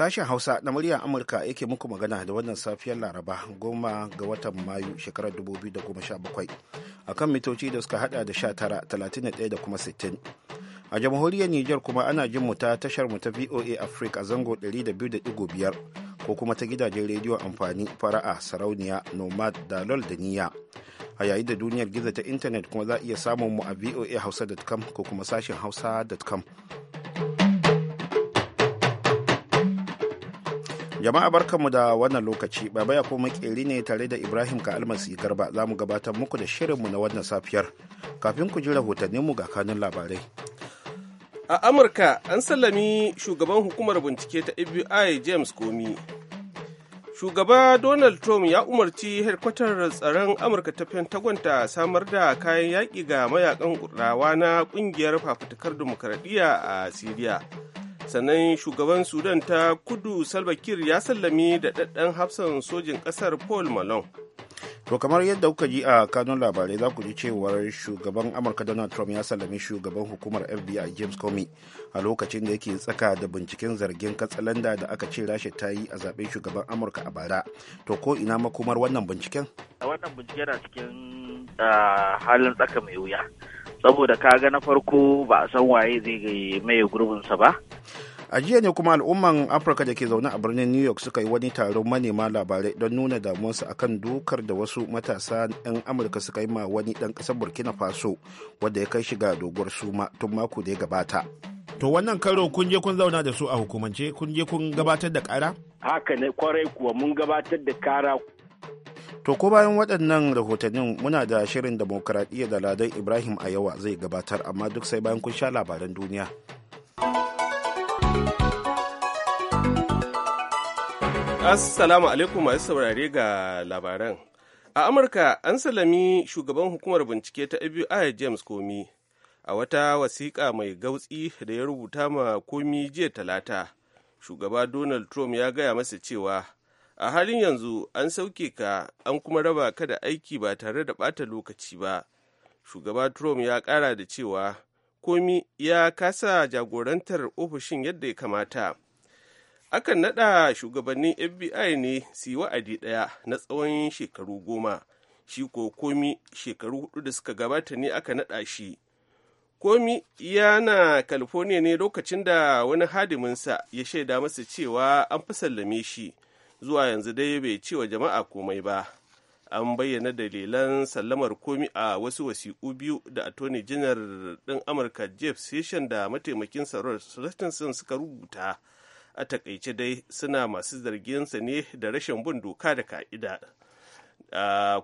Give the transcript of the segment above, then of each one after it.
Sashen Hausa na murya Amurka yake muku magana da wannan safiyar Laraba goma ga watan Mayu shekarar 2017 kan mitoci da suka hada da tara talatin da kuma 60. A jamhuriyar Nijar kuma ana jin mu ta tashar mu ta VOA Africa zango 200.5 ko kuma ta gidajen rediyon amfani fara'a sarauniya nomad da lol da niya A yayin da duniyar gizo ta intanet kuma za a iya samun mu a voa hausa.com ko kuma sashen hausa.com. jama'a barkanmu da wannan lokaci babaya baya kuma makeri ne tare da ibrahim ka almasi garba za mu gabatar muku da shirinmu na wannan safiyar kafin ku ji rahotanninmu ga kanun labarai a amurka an sallami shugaban hukumar bincike ta fbi james komi shugaba donald trump ya umarci hedkwatar tsaron amurka ta pentagon ta samar da kayan yaƙi ga mayakan rawa na ƙungiyar fafutukar dimokuraɗiyya a siriya sannan shugaban sudan ta kudu salbakir ya sallami da ɗaɗɗan hafsan sojin ƙasar paul malone to kamar yadda kuka ji a kanun labarai za ku ji cewar shugaban amurka donald trump ya sallami shugaban hukumar fbi james comey a lokacin da yake tsaka da binciken zargin katsalanda da aka ce rasha ta yi a zaɓen shugaban amurka a bara to ko ina makomar wannan binciken wannan bincike na cikin ah, halin tsaka mai wuya saboda ka ga na farko ba a san waye zai maye gurbinsa ba a jiya ne kuma al'umman afirka da ke zaune a birnin new york suka yi wani taron manema labarai don nuna damuwarsu akan dokar da wasu matasa 'yan amurka suka yi ma wani dan kasar burkina faso wanda ya kai shiga doguwar suma tun mako da ya gabata to wannan karo kun je kun zauna da su a hukumance kun je kun gabatar da kara haka ne kwarai kuwa mun gabatar da kara To ko bayan waɗannan rahotannin muna da shirin demokuraɗiyya da Ladan Ibrahim a yawa zai gabatar amma duk sai bayan kun sha labaran duniya. Assalamu alaikum masu saurare ga labaran. A Amurka an salami shugaban hukumar bincike ta FBI James komi a wata wasiƙa mai gautsi da ya rubuta ma komi jiya talata. Shugaba Donald Trump ya gaya masa cewa a halin yanzu an sauke ka an kuma raba ka da aiki ba tare da bata lokaci ba shugaba trump ya kara da cewa komi ya kasa jagorantar ofishin yadda ya kamata akan naɗa shugabannin fbi ne su yi wa'adi ɗaya na tsawon shekaru goma shi ko komi shekaru hudu da suka gabata ne aka naɗa shi komi yana california ne lokacin da wani hadiminsa ya shaida masa cewa an fi sallame shi zuwa yanzu dai bai ce wa jama'a komai ba an bayyana dalilan sallamar komi a wasu wasiƙu biyu da attorney general din amurka jeff session da mataimakin sarar sultanson suka rubuta a takaice dai suna masu zarginsa ne da rashin bin doka da ka'ida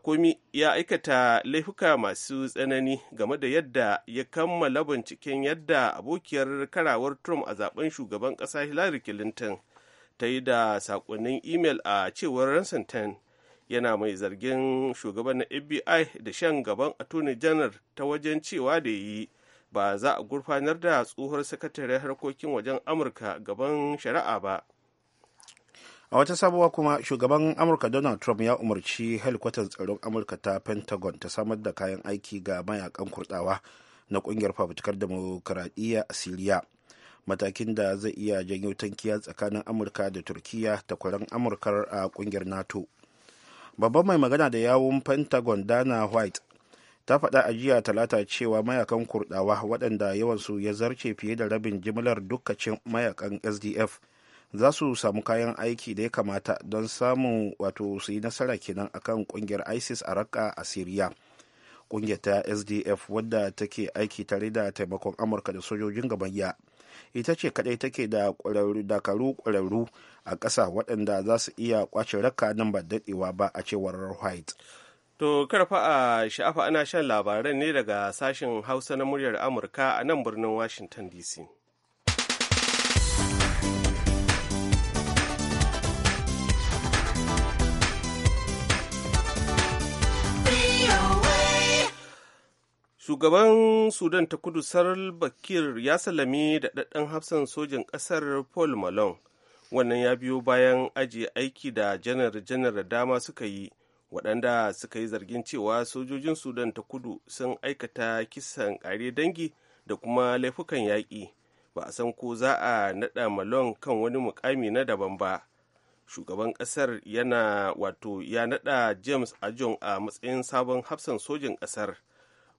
komi ya aikata laifuka masu tsanani game da yadda ya kammala binciken yadda abokiyar karawar trump a zaben shugaban ƙasa hillary clinton ta yi da sakonnin imel a cewar ransantan yana mai zargin shugaban na fbi da shan gaban attorney janar ta wajen cewa da yi ba za a gurfanar da tsohuwar sakatare harkokin wajen amurka gaban shari'a ba a wata sabuwa kuma shugaban amurka donald trump ya umarci helikwatar tsaron amurka ta pentagon ta samar da kayan aiki ga mayakan kurdawa na kungiyar fafutukar demokuraɗiyya a siriya matakin da zai iya janyo tankiya tsakanin amurka da turkiya da kwaran amurkar a kungiyar nato babban mai magana da yawun pentagon dana white ta faɗa a jiya talata cewa mayakan kurdawa waɗanda yawansu ya zarce fiye da rabin jimlar dukkacin mayakan sdf za su samu kayan aiki da ya kamata don samun wato su yi nasara kenan akan kungiyar isis a raka a syria kungiyar ta sdf wadda take aiki tare da taimakon amurka da sojojin gabayya ita ce kadai take da dakaru kwararru a ƙasa waɗanda za su iya kwace raka nan ba daɗewa ba a cewar white to karfa a sha'afa ana shan labaran ne daga sashen hausa na muryar amurka a nan birnin washington dc shugaban sudan ta kudu sarar bakir ya salami da daɗin hafsan sojin ƙasar paul malone wannan ya biyo bayan ajiye aiki da janar-janar da dama suka yi waɗanda suka yi zargin cewa sojojin sudan ta kudu sun aikata kisan ƙare dangi da kuma laifukan yaƙi ba a san ko za a naɗa malon kan wani mukami na daban ba shugaban ƙasar yana wato ya naɗa james ajon a matsayin sabon hafsan sojin ƙasar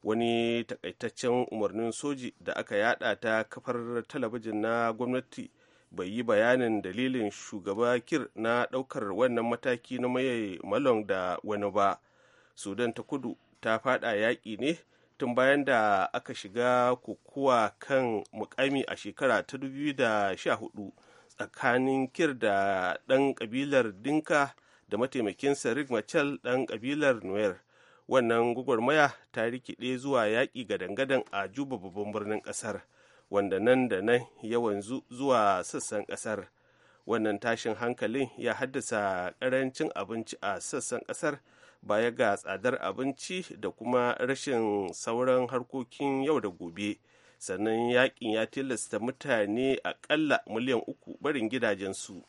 wani takaitaccen umarnin soji da aka yada ta kafar talabijin na gwamnati bai yi bayanin dalilin shugaba kir na daukar wannan mataki na maye malon da wani ba sudan ta kudu ta fada yaƙi ne tun bayan da aka shiga kokowa kan mukami a shekara ta 2014 tsakanin kir da ɗan ƙabilar dinka da mataimakinsa rick machel ɗan ƙabilar nuer wannan gwagwarmaya ta rikide zuwa yaƙi gadangadan a juba babban birnin ƙasar wanda nan da nan ya wanzu zuwa sassan ƙasar wannan tashin hankalin ya haddasa ƙarancin abinci a sassan ƙasar baya ga tsadar abinci da kuma rashin sauran harkokin yau da gobe sannan yaƙin ya tilasta mutane aƙalla miliyan uku barin gidajensu.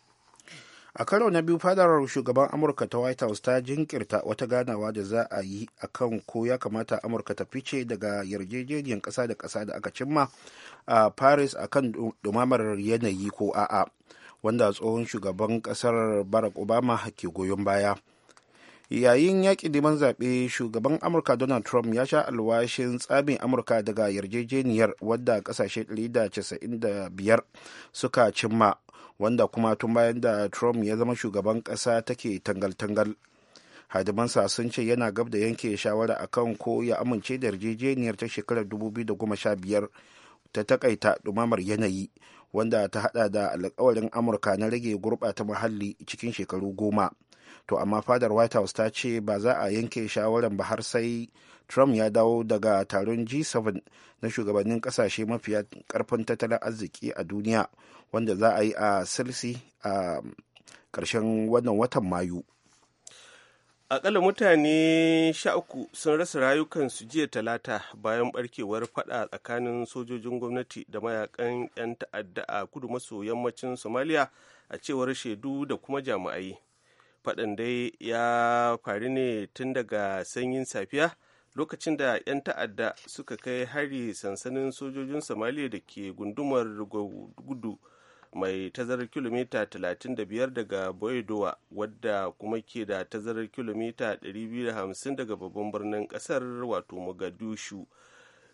a karo na biyu fadarar shugaban amurka ta white house ta jinkirta wata ganawa da za a yi akan ko ya kamata amurka ta fice daga yarjejeniyar kasa da kasa da aka cimma a paris a kan dumamar yanayi ko a'a wanda tsohon shugaban kasar barack obama ke goyon baya yayin yaƙi neman zaɓe shugaban amurka donald trump ya sha alwashin tsamin amurka daga yarjejeniyar wadda ƙasashe 195 suka cimma wanda kuma tun bayan da trump ya zama shugaban ƙasa take tangal-tangal hadimansa sun ce yana gab da yanke shawara kan ko ya amince da yarjejeniyar ta shekarar 2015 ta takaita dumamar yanayi wanda ta hada da alkawarin amurka na rage gurɓata muhalli cikin shekaru goma to amma fadar white house ta ce ba za a yanke shawaran ba har sai trump ya dawo daga taron g7 na shugabannin kasashe mafiya karfin tattalin arziki a duniya wanda za a yi a silsi a ƙarshen wannan watan mayu akalla mutane sha uku sun rasa rayukansu jiya talata bayan barkewar fada tsakanin sojojin gwamnati da mayakan 'yan ta'adda a kudu maso yammacin somaliya a cewar shaidu da kuma jami'ai fadan dai ya faru ne tun daga sanyin safiya lokacin da 'yan ta'adda suka kai hari sansanin sojojin somaliya da ke gundumar gudu mai tazarar kilomita 35 daga boidowa wadda kuma ke da tazarar kilomita 250 daga babban birnin kasar wato mogadishu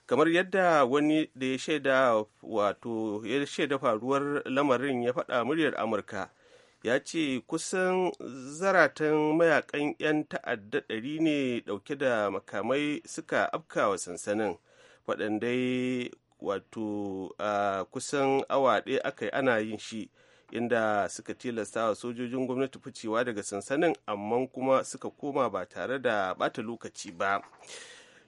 kamar yadda wani da ya shaida wato ya shaida faruwar lamarin ya faɗa muryar amurka ya ce kusan zaratan mayakan 'yan ta'adda ɗari ne ɗauke da makamai suka afkawa sansanin waɗandai wato kusan awa ɗaya aka yi ana yin shi inda suka tilasta wa sojojin gwamnati ficewa daga sansanin amma kuma suka koma ba tare da bata lokaci ba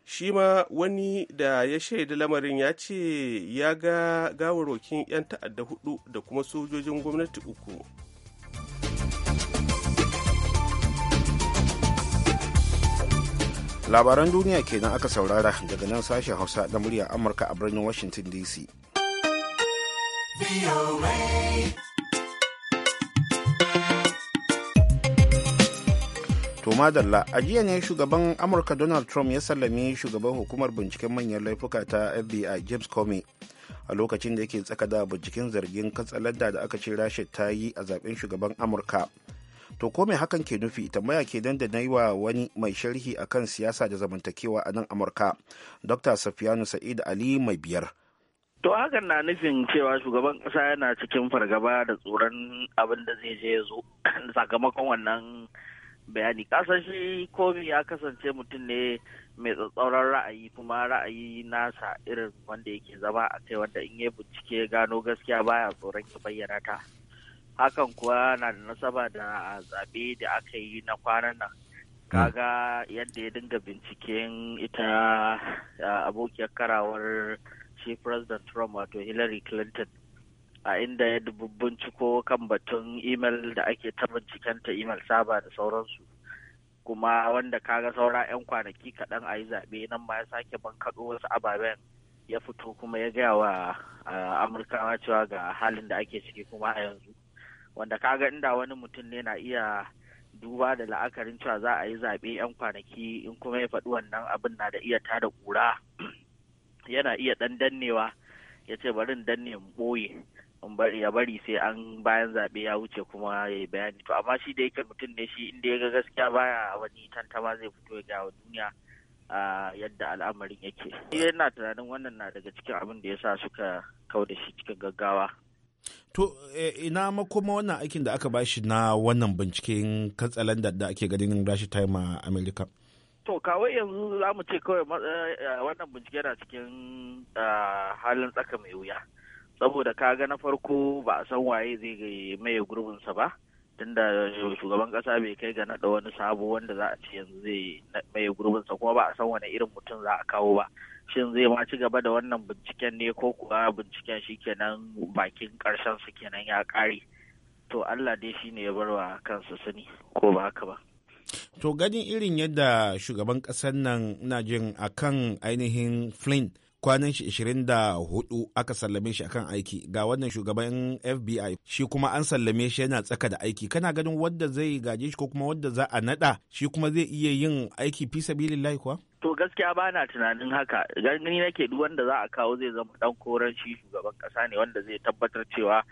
shi ma wani da ya shaida lamarin ya ce ya ga gawarwakin 'yan ta'adda hudu da kuma sojojin gwamnati uku labaran duniya kenan aka saurara daga nan sashen hausa da murya amurka a birnin washington dc to madalla a jiya ne shugaban amurka donald trump ya sallami shugaban hukumar binciken manyan laifuka ta fbi james comey a lokacin da yake tsaka da binciken zargin katsaladda da aka ce rashid ta yi a zaben shugaban amurka to ko hakan ke nufi tambaya ke dan da yi wa wani mai sharhi akan siyasa da zamantakewa a nan amurka dr safiyanu sa'id ali mai biyar To hakan na nufin cewa shugaban kasa yana cikin fargaba da tsoron abin da zai je ya zo sakamakon wannan bayani. Kasan shi komi ya kasance mutum ne mai tsatsauran ra'ayi kuma ra'ayi nasa irin wanda yake zama a kai wanda in ya bincike gano gaskiya baya tsoron ya bayyana ta. hakan kuwa na da nasaba da zaɓe da aka yi na kwanan nan kaga yadda ya dinga binciken ita abokiyar karawar shi president trump wato hillary clinton a inda ya binciko kan batun imel da ake ta bincikenta imel saba da sauransu kuma wanda kaga saura 'yan kwanaki kaɗan a yi zaɓe nan ma ya sake bankaɗo wasu ababen ya fito kuma ya gaya wa amurkawa cewa ga halin da ake ciki kuma a yanzu wanda kaga inda wani mutum ne na iya duba da la'akarin cewa za a yi zaɓe 'yan kwanaki in kuma ya faɗi wannan abin na da iya tada kura, yana iya ɗan dannewa ya ce bari in danne in ɓoye bari ya bari sai an bayan zaɓe ya wuce kuma ya yi bayani to amma shi da yake mutum ne shi inda ya ga gaskiya baya wani tantama zai fito ya gawa duniya a yadda al'amarin yake. Ina tunanin wannan na daga cikin abin da ya sa suka kau da shi cikin gaggawa. To eh, ina makoma wannan aikin da aka bashi na wannan binciken katsalandar da ake ganin rashi time a Amerika? To kawai yanzu za mu ce kawai eh, eh, wannan bincike na cikin halin tsaka mai wuya. Saboda kaga na farko ba a san waye zai gurbin gurbinsa ba. tunda shugaban kasa bai kai ga naɗa wani sabo wanda za a ce yanzu zai gurbin gurbinsa kuma ba a san wani irin mutum za a kawo ba. shin zai ma ci gaba da wannan binciken ne ko kuwa binciken shi kenan bakin karshen su kenan ya kare to Allah dai shine ya barwa kansa sani ko ba haka ba to ganin irin yadda shugaban kasar nan na jin akan ainihin Flynn kwanan shi 24 aka sallame shi akan aiki ga wannan shugaban FBI shi kuma an sallame shi yana tsaka da aiki kana ganin wadda zai gaje shi ko kuma wadda za a nada shi kuma zai iya yin aiki fi sabilillahi kuwa to gaskiya ba na tunanin haka gani nake duk wanda za a kawo zai zama dan koran shi shugaban kasa ne wanda zai tabbatar cewa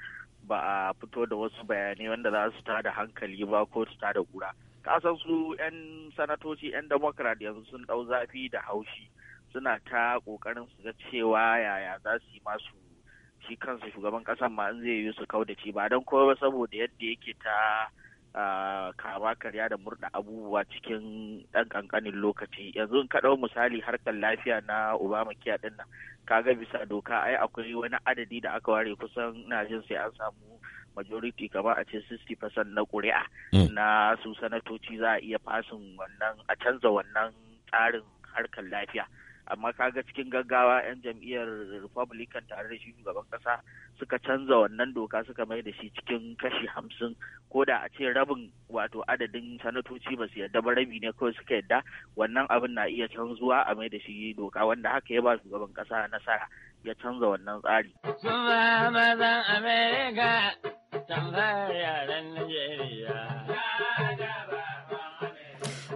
ba a fito da wasu bayanai wanda za su tada hankali ba ko su tada kura kasan su 'yan sanatoci 'yan democrat yanzu sun dau zafi da haushi suna ta kokarin su ga cewa yaya za su yi masu shi kansa shugaban kasa ma in zai yi su kaudaci ba don kowa saboda yadda yake ta kama karya da murna abubuwa cikin ɗan ƙanƙanin lokaci yanzu in kaɗau misali harkar lafiya na obama kiya ɗin nan kaga bisa doka ai akwai wani adadi da aka ware kusan na jin sai an samu majority kamar a ce 60% na ƙuri'a hmm. na su sanatoci za a iya fasin wannan a canza wannan tsarin harkar lafiya amma kaga cikin gaggawa 'yan jam'iyyar republican tare da shi shugaban kasa suka canza wannan doka suka mai da shi cikin kashi hamsin ko da a ce rabin wato adadin sanatoci ba su yadda ba rabi ne kawai suka yadda wannan abin na iya canzuwa a mai da shi doka wanda haka ya ba shugaban kasa nasara ya canza wannan tsari. Amerika,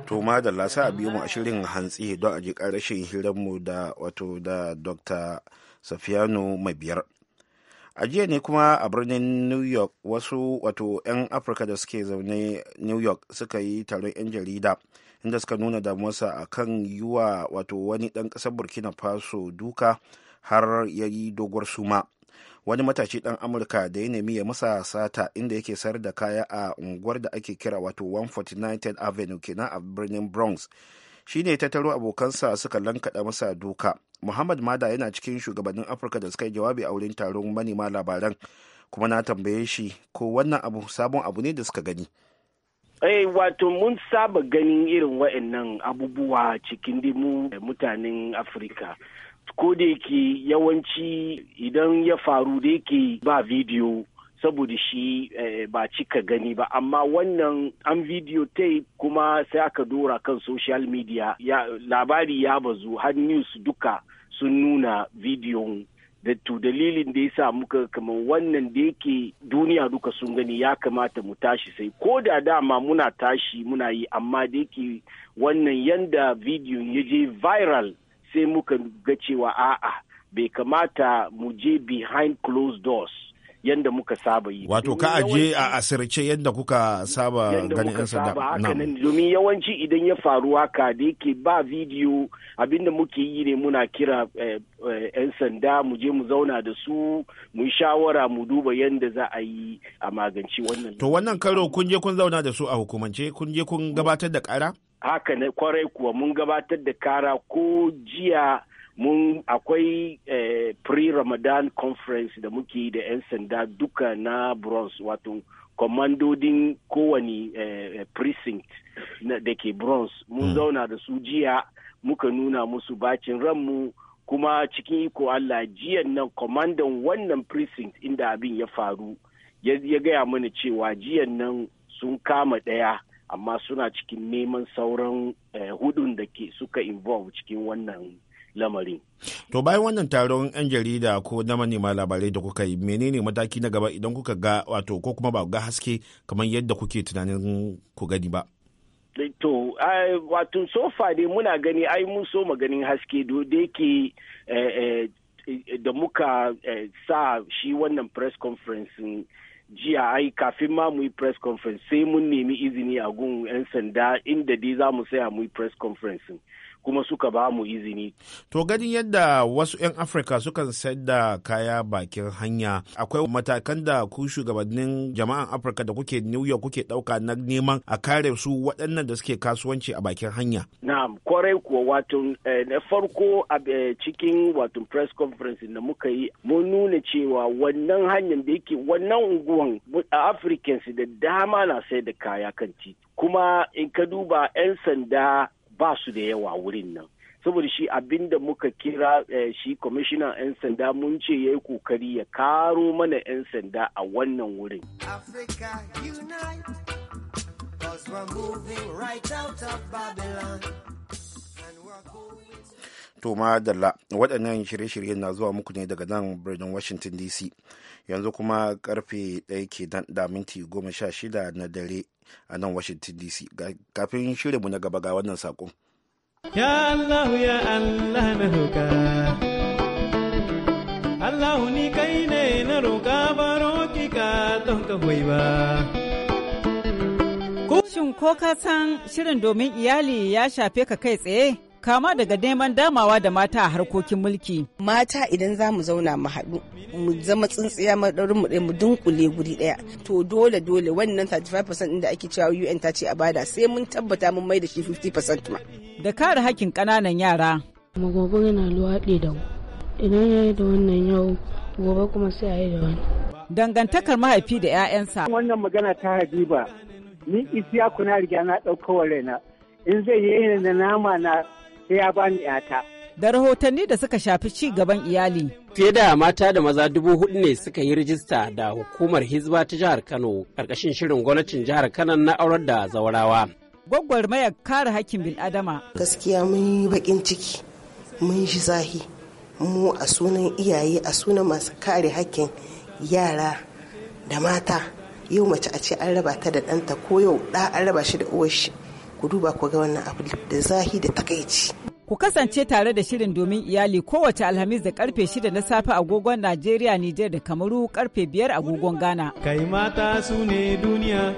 to da lasa a biyu mu a shirin hantsi don a ji ƙarashin mu da wato da dr safiyano biyar a jiya ne kuma a birnin new york wasu wato 'yan afirka da suke zaune new york suka yi taron 'yan jarida inda suka nuna damuwarsa a kan yi wa wato wani ɗan ƙasar burkina faso duka har ya yi doguwar suma wani matashi dan amurka da ya nemi ya masa sata inda yake sayar da kaya a unguwar da ake kira wato 149 avenue kenan a birnin bronx shi ne tattaro abokansa suka lankaɗa masa duka muhammad mada yana cikin shugabannin afirka da suka yi jawabi a wurin taron manema labaran kuma na tambaye shi ko wannan abu sabon abu ne da suka gani Eh, wato mun saba ganin irin wa'annan abubuwa cikin dimu eh, mutanen afirka ko da yake yawanci idan ya faru da yake ba bidiyo saboda shi eh, ba cika gani ba amma wannan an video tape kuma sai aka dora kan social media labari ya bazu har news duka sun nuna bidiyo da to dalilin da ya sa muka kamar wannan da yake duniya duka sun gani ya kamata mu tashi sai ko da dama muna tashi muna yi amma da yake wannan yanda bidiyon ya je viral sai muka ga cewa a'a bai kamata mu je behind closed doors yadda muka saba yi. Wato ka aje a asirce yadda kuka saba ganin 'yan sanda. Domin yawanci idan ya faru haka da yake ba bidiyo abinda muke yi ne muna kira eh, eh, 'yan sanda mu je mu zauna da su mu shawara mu duba yadda za a yi a magance wannan. To wannan karo kun je kun zauna da su a hukumance kun je kun gabatar da kara? haka na kwarai kuwa mun gabatar da kara ko jiya mun akwai eh, pre-ramadan conference da muke yi da 'yan sanda duka na bronze wato kwamandodin kowane eh, precinct da ke bronze mun hmm. zauna da su jiya muka nuna musu bacin ranmu kuma cikin iko allah jiyan nan kwamandan wannan precinct inda abin ya faru ya gaya mana cewa jiyan nan sun kama ɗaya amma suna cikin neman sauran eh, hudun da ke suka involve cikin wannan lamarin. To bayan wannan taron 'yan jarida ko na manema labarai da kuka yi menene mataki na gaba idan kuka ga wato ko kuma ba ga haske kamar yadda kuke tunanin ku gani ba. To, wato sofa dai muna gani ai mun so maganin haske da yake eh, eh, da muka sa shi wannan press conference jiya ai kafin ma mu yi press conference sai mun nemi izini a gun 'yan sanda inda dai za mu saya mu yi press conference kuma suka ba mu izini. To ganin yadda wasu 'yan Afirka sukan sayar da kaya bakin hanya akwai matakan da ku shugabannin jama'an Afirka da kuke New York kuke ɗauka na neman a kare su waɗannan da suke kasuwanci a bakin hanya. Na'am, kwarai kuwa wato eh, na farko a eh, cikin wato press conference da muka yi mun nuna cewa wannan hanyar da yake wannan unguwan Africans da dama na sayar da kaya kan titi. Kuma in ka duba 'yan sanda ba su da yawa wurin nan saboda shi abinda muka kira eh, shi kwamishinan 'yan sanda mun ce ya yi kokari ya karo mana 'yan sanda a wannan wurin To madalla waɗannan shirye-shiryen na zuwa muku ne daga nan birnin Washington DC. Yanzu kuma karfe ɗaya ke dan da minti goma sha shida na dare a nan Washington DC. Kafin mu na gaba ga wannan saƙon. Ya Allah ya Allah na roƙa. Allah ni kai ne na roƙa baro ki ka don ka ba. Shin ko ka san shirin domin iyali ya shafe ka kai tsaye? kama daga neman damawa da mata a harkokin mulki. Mata idan za mu zauna mu haɗu mu zama tsintsiya maɗaurin mu ɗaya mu dunkule guri ɗaya. To dole dole wannan 35% da ake cewa UN ta ce a bada sai mun tabbata mun mai da shi 50% ma. Da kare hakkin ƙananan yara. Magogon yana luwaɗe da idan ya yi da wannan yau gobe kuma sai a yi da wani. Dangantakar mahaifi da 'ya'yansa. Wannan magana ta Habiba ni isiya kuna riga na ɗaukowar raina in zai yi da nama na sai ya bani yata. Da rahotanni da suka shafi ci gaban iyali. Fiye da mata da maza dubu hudu ne suka yi rijista da hukumar Hizba ta jihar Kano karkashin shirin gwamnatin jihar Kano na aurar da zawarawa. mayar kare hakkin adama. Gaskiya mun yi baƙin ciki, mun shi zahi, mu a sunan iyaye a sunan masu kare hakkin yara da mata. Yau mace a ce an raba ta da ɗanta ko yau ɗa an raba shi da uwar shi. ku duba ku ga wannan abu da zahi da takaici Ku kasance tare da shirin domin iyali kowace Alhamis da karfe 6 na safe agogon Najeriya, Nijar da Kamaru karfe 5 agogon Ghana. Kai mata su ne duniya.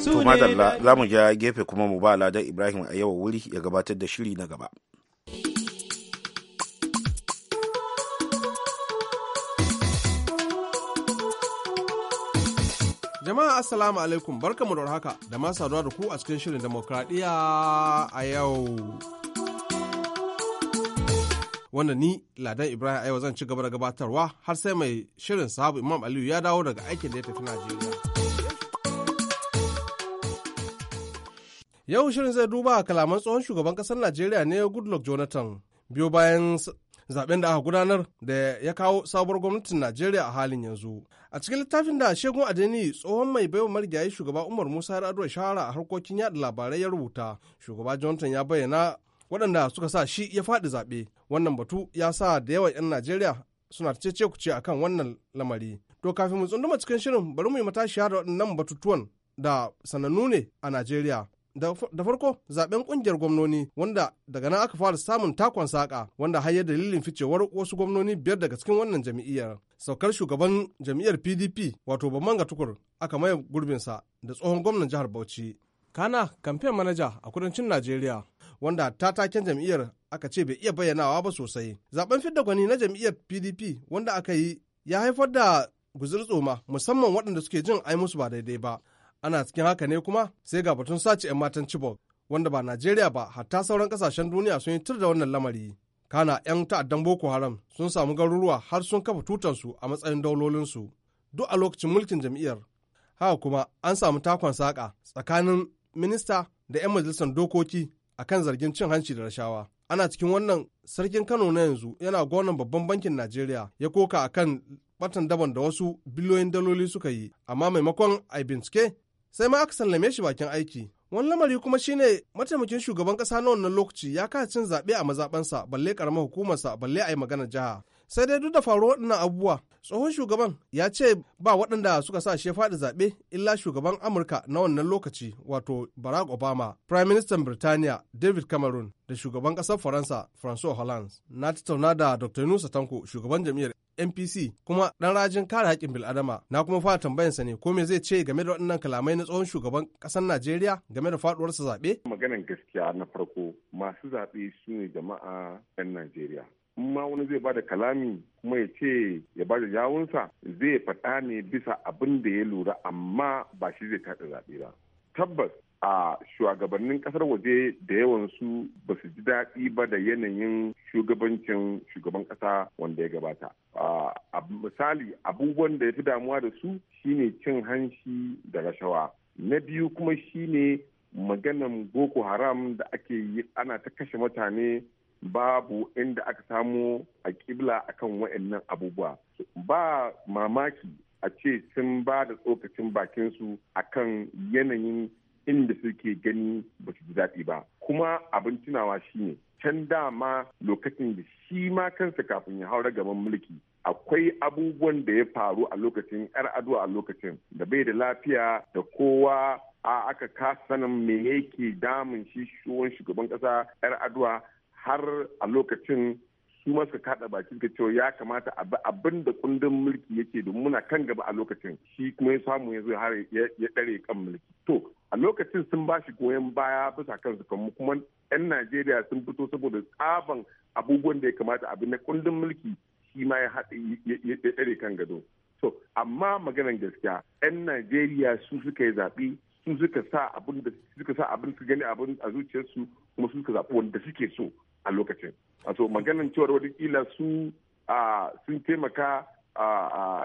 Su ne. za mu ja gefe kuma mu ba Ladan Ibrahim a yau wuri ya gabatar da shiri na gaba. Jama'a Assalamu alaikum barkamu da haka da ma saduwa da ku a cikin shirin demokradiyya a yau. Wanda ni Ladan Ibrahim Aiwa zan ci gaba da gabatarwa har sai mai shirin sahabu Imam Aliyu ya dawo daga aikin da ya tafi Najeriya. Yau shirin zai duba kalaman tsohon shugaban ƙasar Najeriya ne Goodluck Jonathan biyo bayan zaben da aka gudanar da ya kawo sabuwar gwamnatin Najeriya a halin yanzu. A cikin littafin da Shegun Adeni tsohon mai baiwa marigayi shugaba Umar Musa Yar'adua shahara a harkokin yaɗa labarai ya rubuta, shugaba Johnson ya bayyana waɗanda suka sa shi ya faɗi zaɓe. Wannan batu ya sa da yawa 'yan Najeriya suna ta ce a akan wannan lamari. To kafin mu tsunduma cikin shirin bari mu yi matashiya da waɗannan batutuwan da sanannu ne a Najeriya. da farko zaben kungiyar gwamnoni wanda daga nan aka fara samun takon saka wanda har ya dalilin ficewar wasu gwamnoni biyar daga cikin wannan jam'iyyar saukar shugaban jam'iyyar pdp wato ga tukur aka maye gurbinsa da tsohon gwamnan jihar bauchi kana kamfen manaja a kudancin najeriya wanda ta taken jam'iyyar aka ce bai iya bayyanawa ba sosai zaben fidda gwani na jam'iyyar pdp wanda aka yi ya haifar da guzur tsoma musamman waɗanda suke jin ai musu ba daidai ba ana cikin haka ne kuma sai ga batun sace 'yan matan chibok wanda ba najeriya ba hatta sauran kasashen duniya sun yi tur da wannan lamari kana 'yan ta'addan boko haram sun samu garuruwa har sun kafa tutansu a matsayin daulolinsu duk a lokacin mulkin jam'iyyar haka kuma an samu takon saƙa tsakanin minista da 'yan majalisar dokoki akan zargin cin hanci da rashawa ana cikin wannan sarkin kano na yanzu yana gwamnan babban bankin najeriya ya koka akan batan daban da wasu biliyoyin daloli suka yi amma maimakon a bincike sai ma aka sallame shi bakin aiki wani lamari kuma shine mataimakin shugaban kasa na wannan lokaci ya kasa cin zaɓe a mazaɓansa balle karamar hukumarsa balle a yi magana jiha sai dai duk da faruwar waɗannan abubuwa tsohon shugaban ya ce ba waɗanda suka sa shi ya faɗi zaɓe illa shugaban amurka na wannan lokaci wato barack obama prime minister birtaniya david cameron da shugaban ƙasar faransa francois hollande na tattauna da dr nusa tanko shugaban jam'iyyar NPC kuma dan rajin kare haƙƙin bil'adama na kuma fara tambayansa ne ko me zai ce game da waɗannan kalamai na tsohon shugaban ƙasar Najeriya game da faɗuwarsa zaɓe? Maganan gaskiya na farko masu zaɓe su ne jama'a 'yan Najeriya. In ma wani zai bada kalami kuma ya ce ya bada yawunsa zai faɗa ne bisa abin da ya lura amma ba shi zai kaɗa zaɓe ba. Tabbas a shugabannin kasar waje da yawansu ba su ji daɗi ba da yanayin shugabancin shugaban ƙasa wanda ya gabata. A misali abubuwan da ya fi damuwa da su shine cin hanshi da rashawa. Na biyu kuma shine maganan Boko Haram da ake yi ana ta kashe mutane babu inda aka samu a kibla akan wa'annan abubuwa. Ba mamaki a ce sun ba da tsokacin bakinsu akan yanayin inda suke gani ba su ji daɗi ba kuma abin tunawa ne can dama lokacin da shi ma kansa kafin ya haura gaban mulki akwai abubuwan da ya faru a lokacin yar adu'a a lokacin da bai da lafiya da kowa a aka kasanin me yake damun shi shugaban shugaban kasa yar adu'a har a lokacin su ma suka kada baki suka cewa ya kamata abin da kundin mulki yake domin muna kan gaba a lokacin shi kuma ya samu ya har ya dare kan mulki to a lokacin sun ba shi goyon baya bisa kan su kuma 'yan najeriya sun fito saboda tsaban abubuwan da ya kamata abin na kundin mulki shi ma ya haɗe kan gado so amma maganar gaskiya 'yan najeriya su suka yi zaɓe su suka sa abin da suka sa abin su gani abin a zuciyarsu kuma su suka zaɓi wanda suke so a lokacin a so maganan cewar kila su sun taimaka a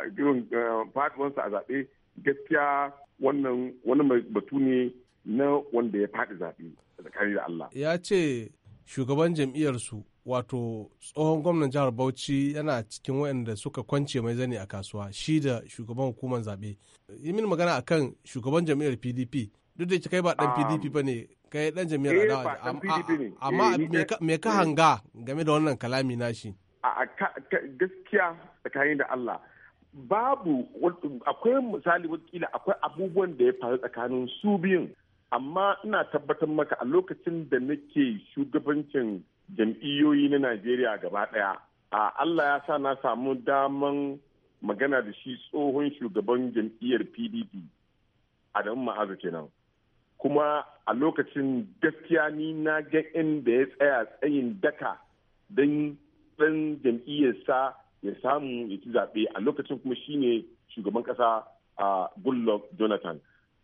a eh, zaɓe gaskiya wannan wani batu ne na wanda ya faɗi zaɓe tsakani da Allah. Ya ce shugaban jam'iyyarsu wato tsohon gwamnan jihar Bauchi yana cikin waɗanda suka kwance mai zani a kasuwa shi da shugaban hukumar zaɓe. Yi min magana a kan shugaban jam'iyyar PDP duk da kai ba ɗan PDP ah. ba ne kai ɗan jam'iyyar eh, adawa amma eh, me ka eh. hanga game da wannan kalami nashi. A gaskiya tsakanin da Allah babu akwai misali wakila akwai abubuwan da ya faru tsakanin su biyun amma ina tabbatar maka a lokacin da nake shugabancin jam'iyyoyi na najeriya gaba daya a allah ya sa na samu daman magana da shi tsohon shugaban jam'iyyar pdp adamu ma'azu kenan kuma a lokacin gaskiya ni na ga inda ya tsaya tsayin daka don jam'iyyarsa ya samu ya ci zaɓe a lokacin kuma shine shugaban ƙasa a goodluck jonathan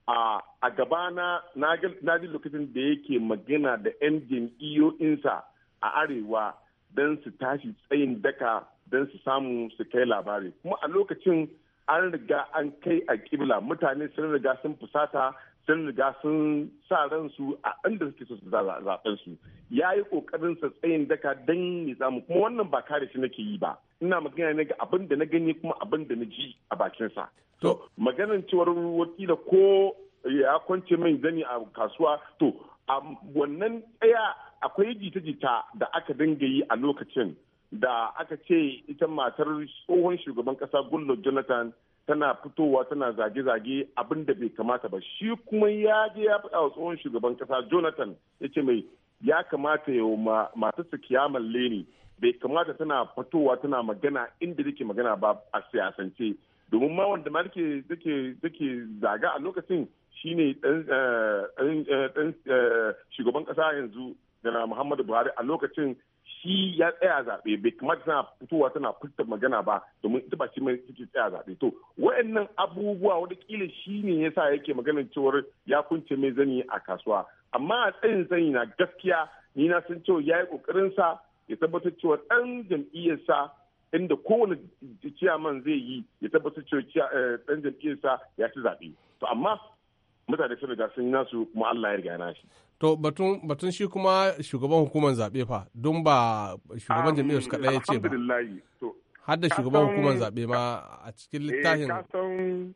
a gaba na ji lokacin da yake magana da 'yan jam'iyyoyinsa a arewa don su tashi tsayin daka don su samu su kai labari kuma a lokacin an riga an kai a kibla mutane sun riga sun fusata sun riga sun sa ransu a inda suke so su zaben su ya yi kokarin sa tsayin daka don ya samu kuma wannan ba kare shi nake yi ba ina magana ne ga abin da na gani kuma abin da na ji a bakin sa To maganar cewar wakila ko ya kwance mai zani a kasuwa to a wannan tsaya akwai jita-jita da aka dinga yi a lokacin da aka ce ita matar tsohon shugaban kasa gullo Jonathan tana fitowa tana zage-zage abin da bai kamata ba shi kuma ya je ya faɗa wa tsohon shugaban kasa jonathan ya ce mai ya kamata ya masu su kiyamar leni bai kamata tana fitowa tana magana inda take magana ba a siyasance domin ma wanda ma take zaga a lokacin shine dan eh, eh, eh, shugaban kasa yanzu da muhammadu buhari a lokacin shi ya tsaya zaɓe bai kamata tana fitowa tana fita magana ba domin ita ba shi mai suke tsaya zaɓe to waɗannan abubuwa wata kila shi ne ya yasa yake magana cewar ya kunce mai zani a kasuwa amma a tsayin zani na gaskiya ni na san cewa ya yi ƙoƙarin sa ya tabbatar cewa ɗan jam'iyyarsa inda kowane ciyaman zai yi ya tabbatar cewa eh, ɗan jam'iyyarsa ya ci zaɓe to amma mutane sun riga sun yi nasu kuma Allah ya riga ya nashi. To batun batun shi kuma shugaban hukumar zaɓe fa don ba shugaban jam'iyyar su kaɗai ya ce ba. Alhamdulillahi. Har da shugaban hukumar zaɓe ma a cikin eh, littafin.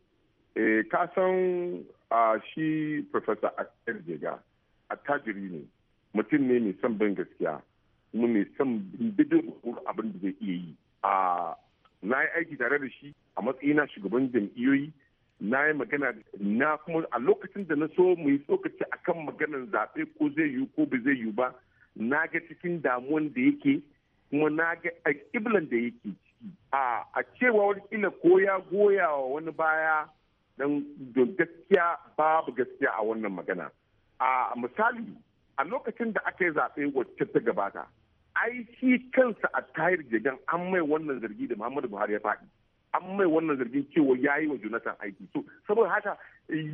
Ka san eh, shi Professor Akiyar Jega tajiri ne mutum ne mai son bin gaskiya kuma mai son bidin abin da zai iya yi. Na yi aiki tare da shi a matsayina shugaban jam'iyyoyi na yi magana na kuma a lokacin da na so mu yi tsokaci kan maganar zaɓe ko zai yiwu ko ba zai yiwu ba na ga cikin damuwan da yake kuma na ga ƙiblan da yake a cewa wani kila ko ya goya wa wani baya don gaskiya babu gaskiya a wannan magana a misali a lokacin da aka yi zaɓe wacce ta gabata ai shi kansa a tayar jigan an mai wannan zargi da muhammadu buhari ya faɗi an mai wannan zargin cewa ya yi wa jonathan aiki so saboda haka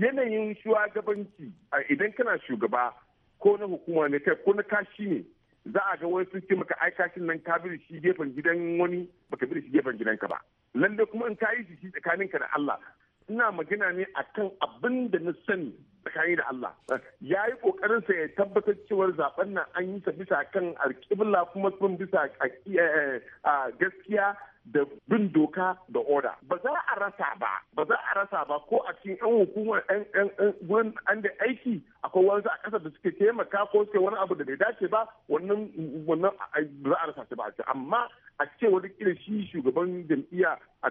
yanayin shugabanci idan kana shugaba ko na hukuma ne kai ko na kashi ne za a ga wani sun ce maka ai kashin nan ka bi shi gefen gidan wani baka bi shi gefen gidan ka ba lalle kuma in ka yi shi ka da Allah ina magana ne akan abin da na sani tsakani da Allah ya yi kokarin sa ya tabbatar cewa zaben nan an yi sa bisa kan alƙibla kuma sun bisa eh, eh, gaskiya da bin doka da order. ba za a rasa ba ba za a rasa ba ko a cikin yan hukumar yan an da aiki akwai wani a ƙasa da suke taimaka ko suke wani abu da bai dace ba wannan wannan za a rasa ba amma a ce wani kila shi shugaban jam'iyya a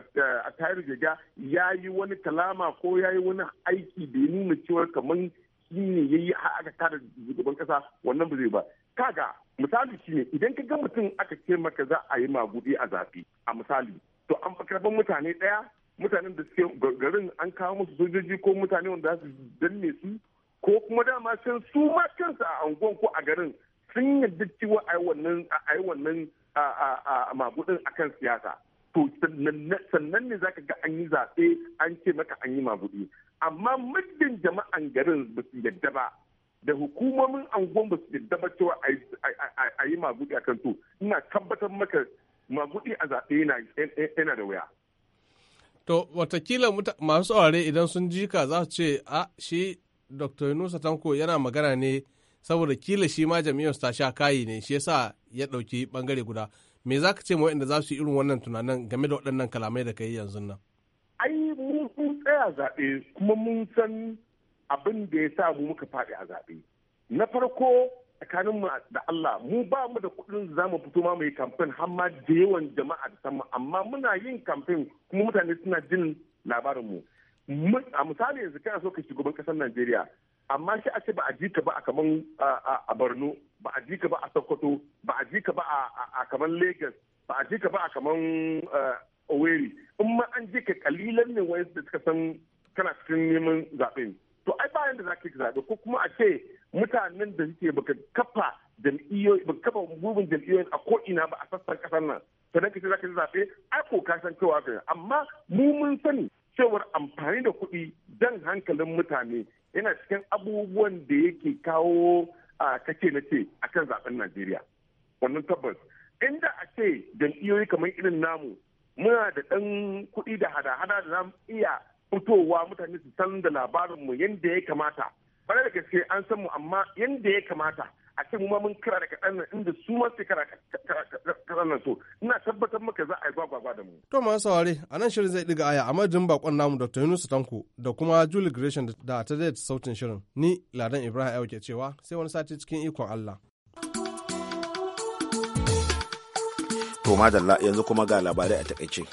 tayar jiga ya yi wani kalama ko ya yi wani aiki da ya nuna cewa kamar shi ne ya yi aka kada shugaban ƙasa wannan ba zai ba kaga misali shine idan ka ga mutum aka ce maka za a yi magudi a zafi a misali to an karɓar mutane ɗaya mutanen da suke garin an kawo musu sojoji ko mutane wanda za su danne su ko kuma dama can su ma kansu a anguwan ko a garin sun yarda cewa a yi wannan a yi wannan magudin akan siyasa to sannan ne zaka ga an yi zaɓe an ce maka an yi magudi amma muddin jama'an garin ba su yadda ba da hukumomin anguwan ba su yadda ba cewa a yi magudi a kan su ina tabbatar maka magudi a zaɓe yana da wuya. To watakila masu saurare idan sun jika za su ce a shi Dr. Yunusa Tanko yana magana ne saboda kila shi ma jam'iyyar ta sha kayi ne shi yasa ya ɗauki bangare guda. Me za ka ce ma waɗanda za su yi irin wannan tunanin game da waɗannan kalamai da ka yi yanzu nan? Ai mun tsaya zaɓe kuma mun san abin da ya sa mu muka faɗi a zaɓe na farko tsakanin mu da Allah mu ba mu da kuɗin za mu fito ma mu yi kamfen har ma da yawan jama'a da sama amma muna yin kamfen kuma mutane suna jin labarin mu a misali yanzu kana so ka shugaban kasar Najeriya amma shi a ce ba a ji ka ba a kaman a Borno ba a ji ka ba a Sokoto ba a ji ka ba a kaman Lagos ba a ji ka ba a kaman Owerri in ma an ji ka kalilan ne wani da suka san kana cikin neman zaɓen to ai ba yanda za ka yi zaɓe ko kuma a ce mutanen da suke baka kafa jam'iyyoyi baka kafa gurbin jam'iyyoyi a ko'ina ba a sassan kasar nan sannan ka ce za ka yi zaɓe ai ko ka san cewa ka amma mu mun sani cewar amfani da kuɗi dan hankalin mutane yana cikin abubuwan da yake kawo a kace na ce a kan zaɓen Najeriya wannan tabbas inda a ce jam'iyyoyi kamar irin namu muna da ɗan kuɗi da hada-hada da zamu iya fitowa mutane su san da labarinmu yadda ya kamata bare da gaske an san mu amma yadda ya kamata a ce mu mun kira da kaɗan nan inda su ma su kira kaɗan nan ina tabbatar maka za a yi gwagwagwa da mu. to masu saware a nan shirin zai ɗiga aya a madadin bakon namu dr yunusu tanko da kuma julie gresham da ta daidaita sautin shirin ni ladan ibrahim ayo ke cewa sai wani sati cikin ikon allah. to madalla yanzu kuma ga labarai a takaice.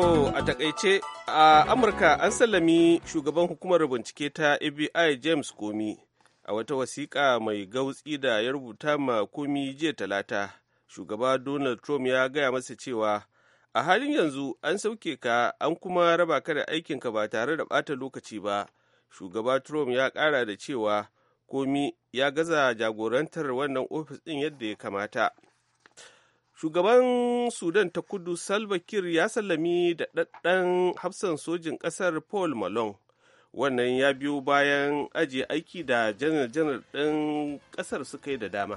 To a takaice a Amurka an sallami shugaban hukumar bincike ta ABI James Komi a wata wasiƙa mai gautsi da ya rubuta ma komi jiya talata. Shugaba Donald Trump ya gaya masa cewa a halin yanzu an sauke ka an kuma raba ka da aikinka ba tare da ɓata lokaci ba. Shugaba Trump ya ƙara da cewa Komi ya gaza jagorantar wannan ofis ɗin yadda ya kamata. shugaban sudan ta kudu salva kiir ya sallami da ɗaɗɗan hafsan sojin ƙasar paul malone wannan ya biyo bayan ajiye aiki da janar-janar ɗin ƙasar suka yi da dama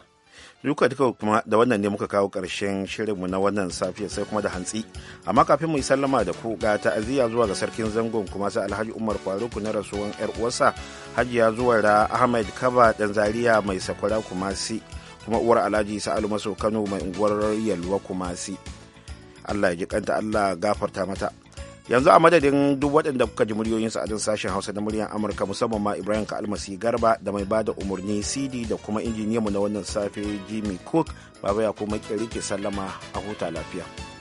duka duka kuma da wannan ne muka kawo ƙarshen shirinmu na wannan safiya sai kuma da hantsi amma kafin mu yi sallama da ku ga ta'aziyya zuwa ga sarkin zangon kuma sai alhaji umar faruku na rasuwan yar uwarsa hajiya zuwa ra ahmed kaba dan zaria mai sakwara kumasi kuma uwar alhaji sa'alu maso kano mai unguwar yalwa kumasi allah ya ji kanta allah gafarta mata yanzu a madadin duk waɗanda kuka ji muryoyinsu a sashen hausa na muryar amurka musamman ma ibrahim almasi garba da mai bada umarni cd da kuma injiniyanmu na wannan safe jimmy cook baba ya kuma ke sallama a huta lafiya.